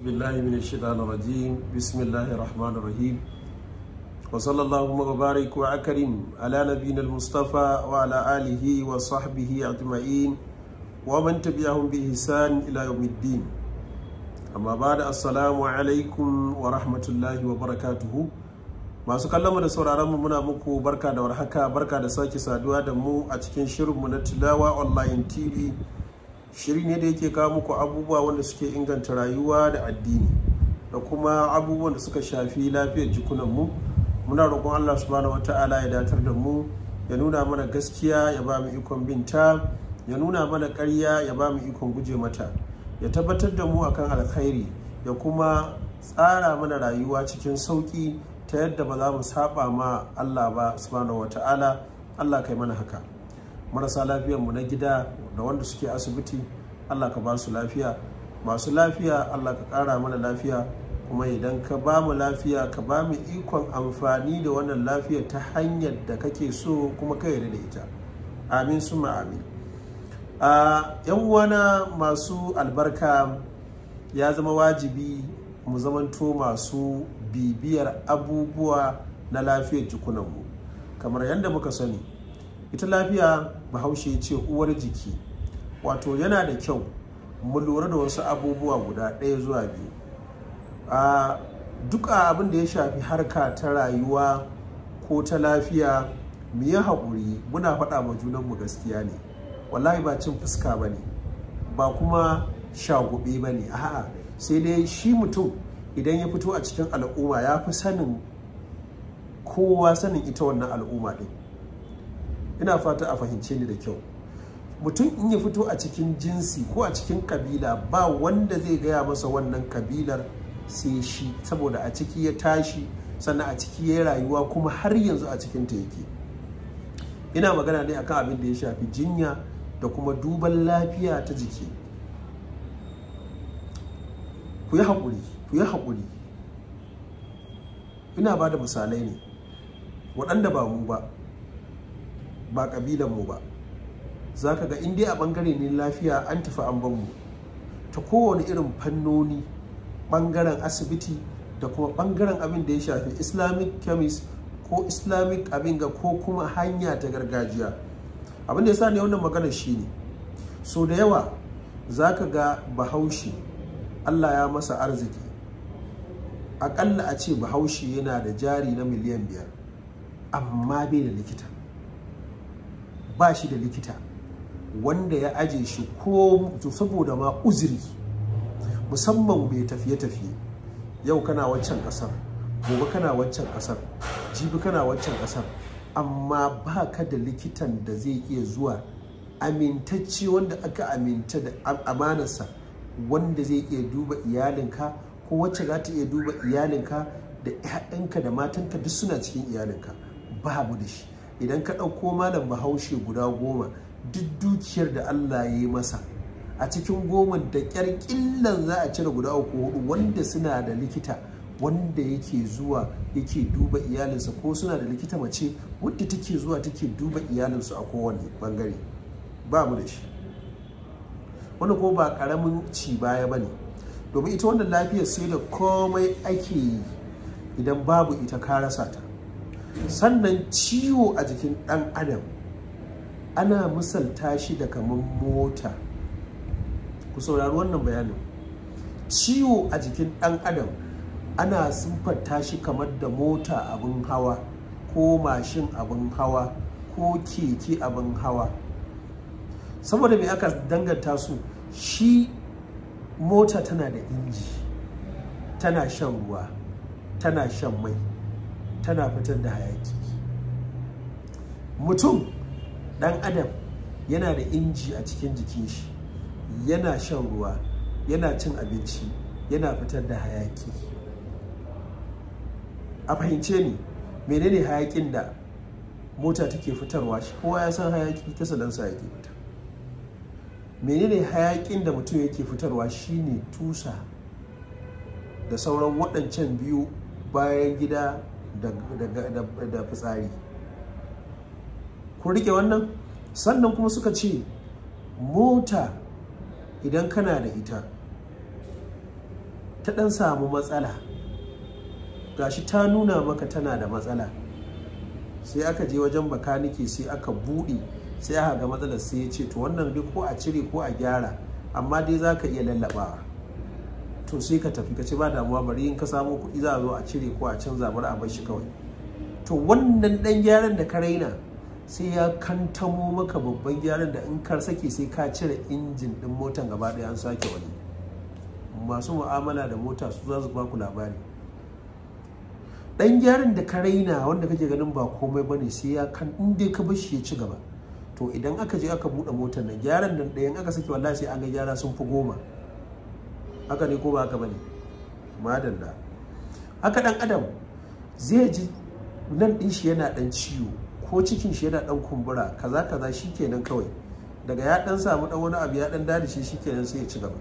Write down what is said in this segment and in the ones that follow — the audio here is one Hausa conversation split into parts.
بالله من الشيطان الرجيم بسم الله الرحمن الرحيم وصلى اللهم وبارك وأكرم على نبينا المصطفى وعلى آله وصحبه أجمعين ومن تبعهم بإحسان إلى يوم الدين أما بعد السلام عليكم ورحمة الله وبركاته masu kallon mu da sauraron mu muna muku barka da warhaka barka da sake saduwa da mu a cikin shirinmu na Tilawa Online TV shiri ne da yake kawo muku abubuwa wanda suke inganta rayuwa da addini da kuma abubuwan da suka shafi lafiyar jikunanmu muna roƙon allah subhanahu wata'ala ya datar da mu ya nuna mana gaskiya ya ba mu ikon binta ya nuna mana ƙarya ya ba mu ikon guje mata ya tabbatar da mu akan alkhairi ya kuma tsara mana rayuwa cikin sauƙi ta yadda ba za mu saba ma allah ba subhanahu wata'ala allah kai mana haka marasa mu na gida da wanda suke asibiti allah ka ba su lafiya masu lafiya allah ka ƙara mana lafiya kuma idan ka ba mu lafiya ka ba mu ikon amfani da wannan lafiya ta hanyar da kake so kuma ka yarda da ita amin su amin a yan uwana masu albarka ya zama wajibi mu zamanto masu bibiyar abubuwa na lafiyar jikunanmu kamar yadda muka sani ita lafiya bahaushe ce uwar jiki wato yana da kyau mu lura da wasu abubuwa guda ɗaya zuwa biyu a duk abin da ya shafi harka ta rayuwa ko ta lafiya mu yi haƙuri muna faɗa ma mu gaskiya ne wallahi ba cin fuska ba ne ba kuma shagube ba ne a'a sai dai shi mutum idan ya fito a cikin al'umma ya fi sanin kowa sanin ita wannan al'umma ɗin ina fata a fahimce ni da kyau mutum in ya fito a cikin jinsi ko a cikin kabila ba wanda zai gaya masa wannan kabilar sai shi saboda a ciki ya tashi sannan a ciki ya rayuwa kuma har yanzu a cikin ta yake ina magana ne akan abin da ya shafi jinya da kuma duban lafiya ta jiki ku yi haƙuri ku yi haƙuri ina ba da misalai ne waɗanda ba mu ba ba ƙabilan mu ba za ka ga indiya a ɓangare ne lafiya an tafi an mu ta kowane irin fannoni ɓangaren asibiti da kuma ɓangaren abin da ya shafi islamic chemist ko islamic abin ga ko kuma hanya ta gargajiya abin da ya sa ne wannan magana shi ne. so da yawa za ka ga bahaushe allah ya masa arziki aƙalla a ce bahaushe yana da jari na miliyan biyar amma bai da likita ba shi da likita wanda ya aje shi ko saboda ma uzuri musamman bai tafiye-tafiye yau kana waccan ƙasar gobe kana waccan ƙasar jibi kana waccan ƙasar amma ba ka da likitan da zai iya zuwa amintacce wanda aka aminta da amanarsa wanda zai iya duba iyalinka ko wacce za ta iya duba iyalinka da 'ya'yanka da matanka duk suna cikin iyalinka babu da shi idan ka ɗauko malam bahaushe guda goma duk dukiyar da Allah ya yi masa a cikin goma da ƙyar ƙillan za a cire guda uku hudu wanda suna da likita wanda yake zuwa yake duba iyalinsa ko suna da likita mace wadda take zuwa take duba iyalinsu a kowane bangare ba mu da shi wani ko ba karamin ci baya ba ne domin ita wannan lafiyar sai da komai ake yi idan babu ita ka rasa ta sannan ciwo a jikin ɗan adam ana misalta shi da kamar mota ku saurari wannan bayanin ciwo a jikin ɗan adam ana siffanta shi kamar da mota abin hawa ko mashin abin hawa ko keke abin hawa saboda me aka danganta su shi mota tana da inji tana shan ruwa tana shan mai tana fitar da hayaki mutum ɗan adam yana da inji a cikin jikin shi yana shan ruwa yana cin abinci yana fitar da hayaki a fahimce ni menene hayakin da mota take fitarwa shi kowa ya san hayaki ta salansa yake fita menene hayakin da mutum yake fitarwa shine tusa da sauran waɗancan biyu bayan gida da fitsari ku rike wannan sannan kuma suka ce mota idan kana da ita ta ɗan samu matsala gashi ta nuna maka tana da matsala sai aka je wajen bakanike sai aka buɗe sai aka ga matsalar sai ya ce to wannan duk ko a cire ko a gyara amma dai za ka iya lallaɓawa. to sai ka tafi ka ce ba damuwa bari in ka samu kuɗi za a zo a cire ko a canza bari a bar shi kawai to wannan dan gyaran da ka raina sai ya kantamo maka babban gyaran da in ka sake sai ka cire injin din motan gaba ɗaya an sake wani masu mu'amala da mota su za su ba ku labari dan gyaran da ka raina wanda kake ganin ba komai bane sai ya kan in dai ka bar shi ya ci gaba to idan aka je aka buɗe motar nan gyaran nan ɗayan aka sake wallahi sai an ga gyara sun fi goma haka ne ko ba haka bane madalla haka dan adam zai ji nan din shi yana dan ciwo ko cikin shi yana dan kumbura kaza kaza shikenan kawai daga ya dan samu dan wani abu ya dan shi shikenan sai ya ci gaba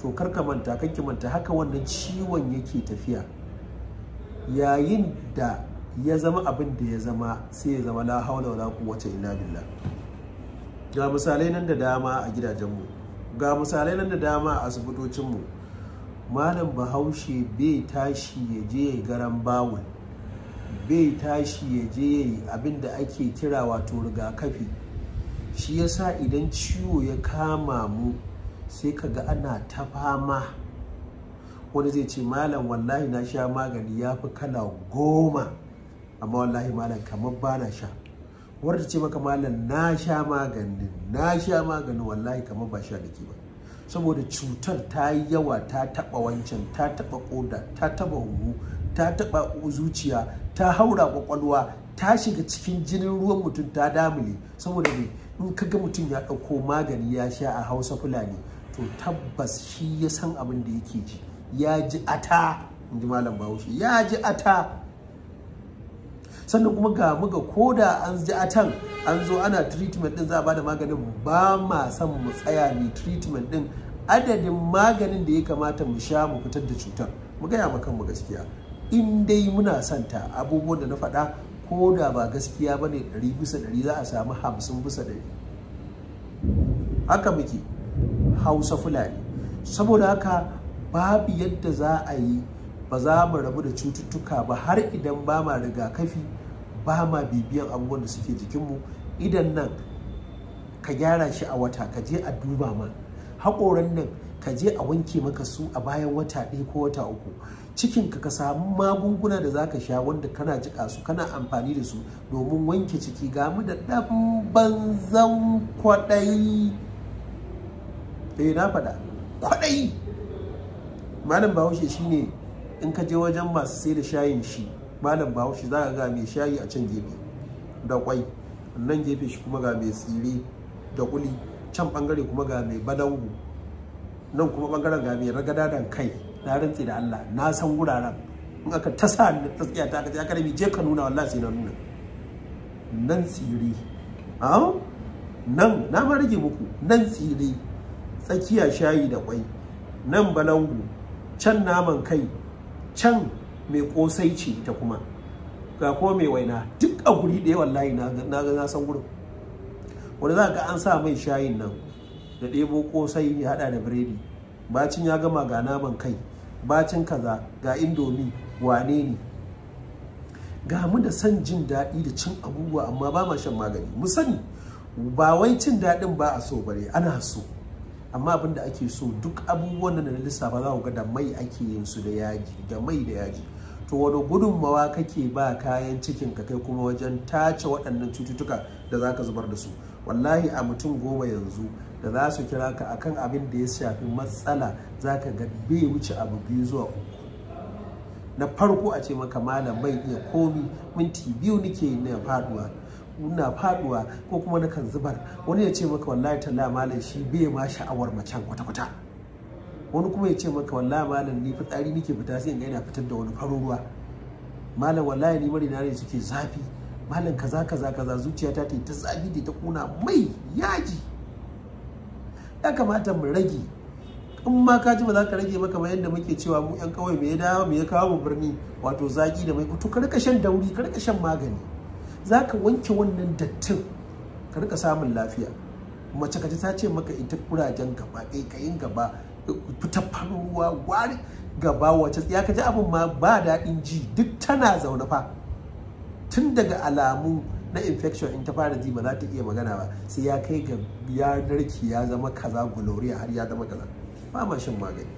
to kar ka manta kar manta haka wannan ciwon yake tafiya yayin da ya zama abin da ya zama sai ya zama la haula wala quwwata illa billah ga misalai nan da dama a gidajen mu. ga misalai nan da dama a asibitocinmu malam bahaushe bai tashi ya je ya garan bawul bai tashi ya je ya yi abin da ake kira wato rigakafi shi yasa idan ciwo ya kama mu sai ka ga ana ta fama wani zai ce malam wallahi na sha magani ya fi kala goma amma wallahi malam kamar ba na sha warta ce maka malam na sha maganin na sha maganin wallahi kamar ba sha dake ba saboda cutar ta yi yawa ta taba wancan ta taba koda ta taba huhu ta taba zuciya ta haura kwakwalwa ta shiga cikin jinin ruwan mutum ta damule saboda ne in kaga mutum ya dauko magani ya sha a hausa fulani to tabbas shi ya san abin da yake ji ya ji ata in ji malam bahaushe ya ji ata sannan kuma ga muga ko da an ji atan an zo ana treatment din za a bada maganin ba ma son mu tsaya ne treatment din adadin maganin da ya kamata mu sha mu fitar da cutar mu gaya ma kanmu gaskiya in dai muna ta, abubuwan da na faɗa ko da ba gaskiya ba ne ɗari bisa ɗari za a samu hamsin bisa ɗari haka muke hausa fulani saboda haka babu yadda za a yi ba za mu rabu da cututtuka ba har idan ba ma rigakafi ba ma bibiyan abubuwan da suke jikinmu idan nan ka gyara shi a wata ka je a duba ma haƙoran nan ka je a wanke maka su a bayan wata ɗaya ko wata uku cikin ka samu magunguna da za ka sha wanda kana jiƙa su kana amfani da su domin wanke ciki ga mu da ɗan banzan kwaɗayi eh na faɗa kwaɗayi malam bahaushe shine in ka je wajen masu sai da shayin shi malam bahaushe za ka ga mai shayi a can gefe da kwai nan gefe shi kuma ga mai tsire da kuli can bangare kuma ga mai badangu nan kuma bangaren ga mai da kai na rantse da Allah na san wuraren in aka ta sa ni tsakiya ta kaje aka rabi je ka nuna wallahi sai na nuna nan tsire a nan na ma rage muku nan tsire tsakiya shayi da kwai nan balangu can naman kai can mai kosai ce ta kuma ga ko mai waina duk a guri ɗaya wallahi na ga nasan san gurin wanda za ka an sa mai shayin nan da ɗebo kosai ya haɗa da biredi bacin ya gama ga naman kai bacin kaza ga indomi wane ne ga mu da san jin daɗi da cin abubuwa amma ba ma shan magani mu sani ba wai cin daɗin ba a so bare ana so amma abin da ake so duk abubuwan da na lissafa za ku ga da mai ake yin su da yaji da mai da yaji to wani gudunmawa kake ba kayan cikin ka kai kuma wajen tace waɗannan cututtuka da za ka zubar da su wallahi a mutum goma yanzu da za su kira ka akan abin da ya shafi matsala za ka ga bai wuce abu biyu zuwa uku na farko a ce maka malam bai iya komi minti biyu nike na faduwa na faduwa ko kuma na kan zubar wani ya ce maka wallahi talla malam shi bai ma sha'awar macen kwata-kwata wani kuma ya ce maka wallahi malam ni fitsari nake fita sai in yana fitar da wani farin ruwa malam wallahi ni mari na ne suke zafi malam kaza kaza kaza zuciyata ta ta zafi da ta kuna mai yaji ya kamata mu rage in ma ka ji ba za ka rage maka ba yadda muke cewa mu yan kawai me ya dawo me ya kawo mu birni wato zaki da mai kutu ka shan dauri ka shan magani za ka wanke wannan dattin ka rika samun lafiya mace kaji ta ce maka ita kurajen gaba ƙaiƙayin gaba fita farin ruwa wari gaba wace ya kaji abin ma ba daɗin ji duk tana zaune fa tun daga alamu na infection in ta fara ji ba za ta iya magana ba sai ya kai ga ya narki ya zama kaza gloria har ya zama kaza ba ma shan magani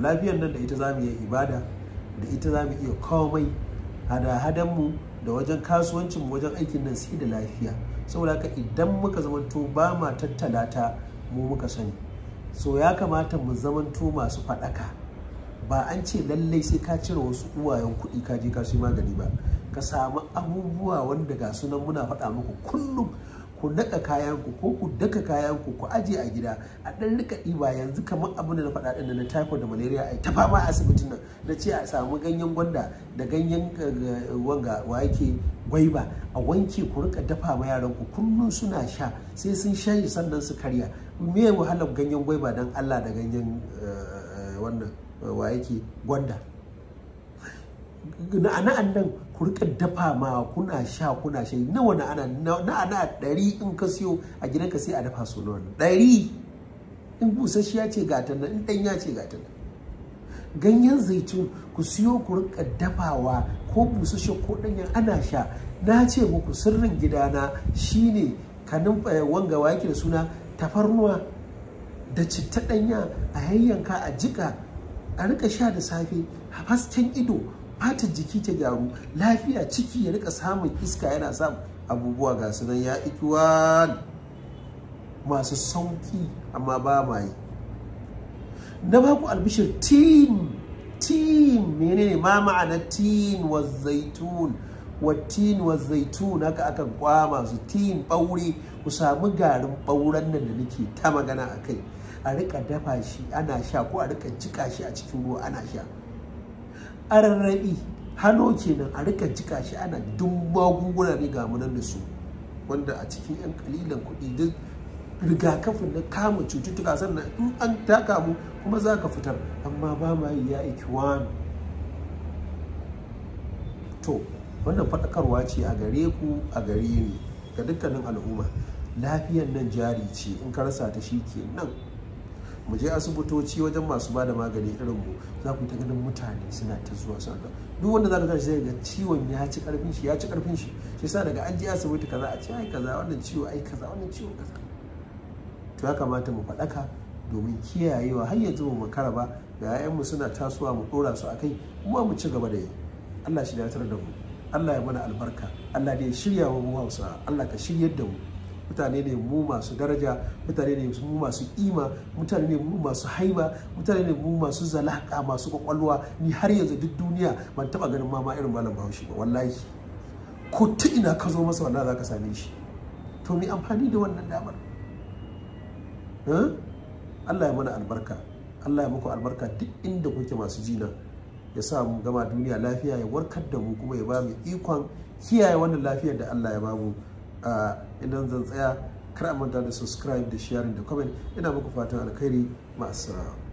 lafiyar nan da ita za mu yi ibada da ita za mu iya komai hada-hadanmu da wajen kasuwancin wajen aikin nan sai da lafiya saboda haka idan muka zamanto ba ma tattala ta mu muka sani so ya kamata mu zamanto masu faɗaka ba an ce lallai sai ka cire wasu uwayen kuɗi ka je ka magani ba ka samu abubuwa wanda ga sunan muna faɗa muku kullum ku daka kayan ku ko ku daka kayan ku ku aje a gida a dan rika ba yanzu kamar abin da na faɗa din na typhoid da malaria ai ta fama asibitin nan na ce a samu ganyen gwanda da ganyen eh, wanga wa yake gwaiba a wanke ku rika dafa ma yaran ku kullun suna sha sai sun sha sannan su karya me wahalar ganyen gwaiba dan Allah da ganyen eh, eh, wannan wa yake gwanda na an nan ku rika dafa ma kuna sha kuna sha. nawa na ana na ana ɗari in ka siyo a ka sai a dafa su nawa ɗari in busasshiya ce gatan nan in ɗanya ce gatan nan ganyen zaitun ku siyo ku rika dafawa ko busasshe ko ɗanya ana sha na ce muku sirrin gidana shine kanin eh, wanga wake da suna tafarnuwa da citta ɗanya a yayyanka a jika a rika sha da safe hasken ido fatar jiki ta gyaru lafiya ciki ya rika samun iska yana sa abubuwa ga su nan ya ikiwa masu sauki amma ba ma yi na baku albishir tin tin menene ma ma'ana tin wa zaitun wa tin wa zaitun haka akan kwama su tin ɓaure ku sami garin ɓauren nan da nake ta magana a kai a rika dafa shi ana sha ko a rika jika shi a cikin ruwa ana sha ararrabi hano kenan a rika jika shi ana duk magunguna ne ga munan da su wanda a cikin yan kalilan kuɗi duk rigakafin na kama cututtuka sannan in an taka mu, kuma za ka fitar amma ba ma yi ya iki wani to wannan faɗakarwa ce a gare ku a gare ni ga dukkanin al'umma lafiyar nan jari ce in ka rasa ta shi ke nan mu je asibitoci wajen masu ba da magani irin mu za ku ta ganin mutane suna ta zuwa su ga duk wanda za ka tashi zai ga ciwon ya ci karfin shi ya ci karfin shi shi sa daga an je asibiti kaza a ce ai kaza wannan ciwo ai kaza wannan ciwo kaza to ya kamata mu faɗaka domin kiyayewa har yanzu mu makara ba ga mu suna tasowa mu ɗora su akai kuma mu ci gaba da yi Allah shi tarar da mu Allah ya mana albarka Allah da ya shirya wa mu Hausa Allah ka shiryar da mu mutane ne mu masu daraja mutane ne mu masu ima mutane ne mu masu haiba mutane ne mu masu zalaka masu kwakwalwa ni har yanzu duk duniya ban taba ganin mama irin malam bahaushe ba wallahi ko ta ina ka zo masa wallahi zaka same shi to me amfani da wannan damar Allah ya mana albarka Allah ya muku albarka duk inda kuke masu jina ya sa mu gama duniya lafiya ya warkar da mu kuma ya ba mu ikon kiyaye wannan lafiyar da Allah ya ba mu ah, idan zan tsaya kar a manta da subscribe da sharing da comment ina muku fatan alkhairi ma'asara